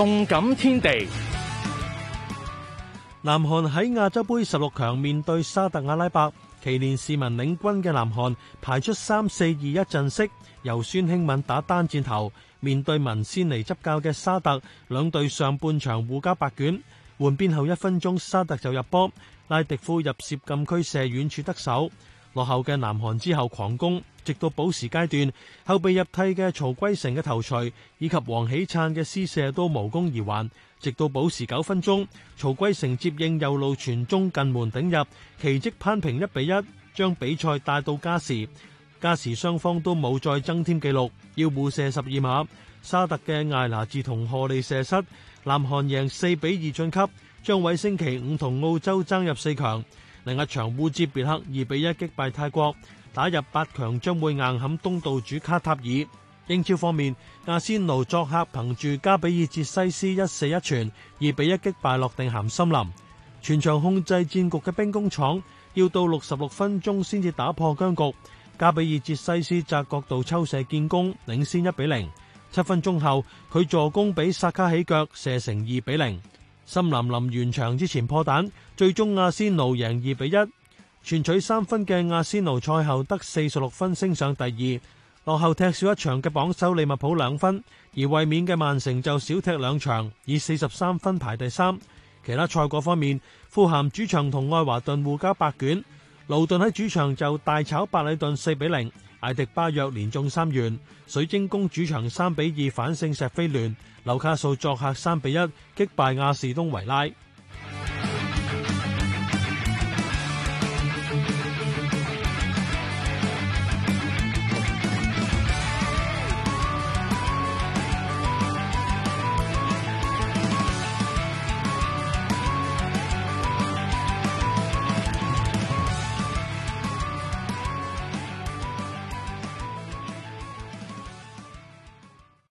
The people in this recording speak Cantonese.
動感天地，南韓喺亞洲杯十六強面對沙特阿拉伯，奇連士文領軍嘅南韓排出三四二一陣式，由孫興敏打單箭頭。面對文仙尼執教嘅沙特，兩隊上半場互交白卷，換邊後一分鐘，沙特就入波，拉迪夫入楔禁區射遠處得手。落後嘅南韓之後狂攻，直到補時階段，後備入替嘅曹圭成嘅頭槌，以及黃喜燦嘅施射都無功而還。直到補時九分鐘，曹圭成接應右路傳中近門頂入，奇跡攀平一比一，將比賽帶到加時。加時雙方都冇再增添紀錄，要互射十二碼。沙特嘅艾拿治同荷利射失，南韓贏四比二晉級，將偉星期五同澳洲爭入四強。另一場烏茲別克二比一擊敗泰國，打入八強將會硬撼東道主卡塔爾。英超方面，阿仙奴作客憑住加比爾捷西斯一射一傳二比一擊敗落定鹹森林。全場控制戰局嘅兵工廠，要到六十六分鐘先至打破僵局。加比爾捷西斯窄角度抽射建功，領先一比零。七分鐘後，佢助攻畀薩卡起腳射成二比零。森林臨完場之前破蛋，最終阿仙奴贏二比一，全取三分嘅阿仙奴賽後得四十六分，升上第二，落後踢少一場嘅榜首利物浦兩分，而衛冕嘅曼城就少踢兩場，以四十三分排第三。其他賽果方面，富咸主場同愛華頓互交白卷，勞頓喺主場就大炒百里頓四比零。艾迪巴約連中三元，水晶宮主場三比二反勝錫菲聯，紐卡素作客三比一擊敗亞士東維拉。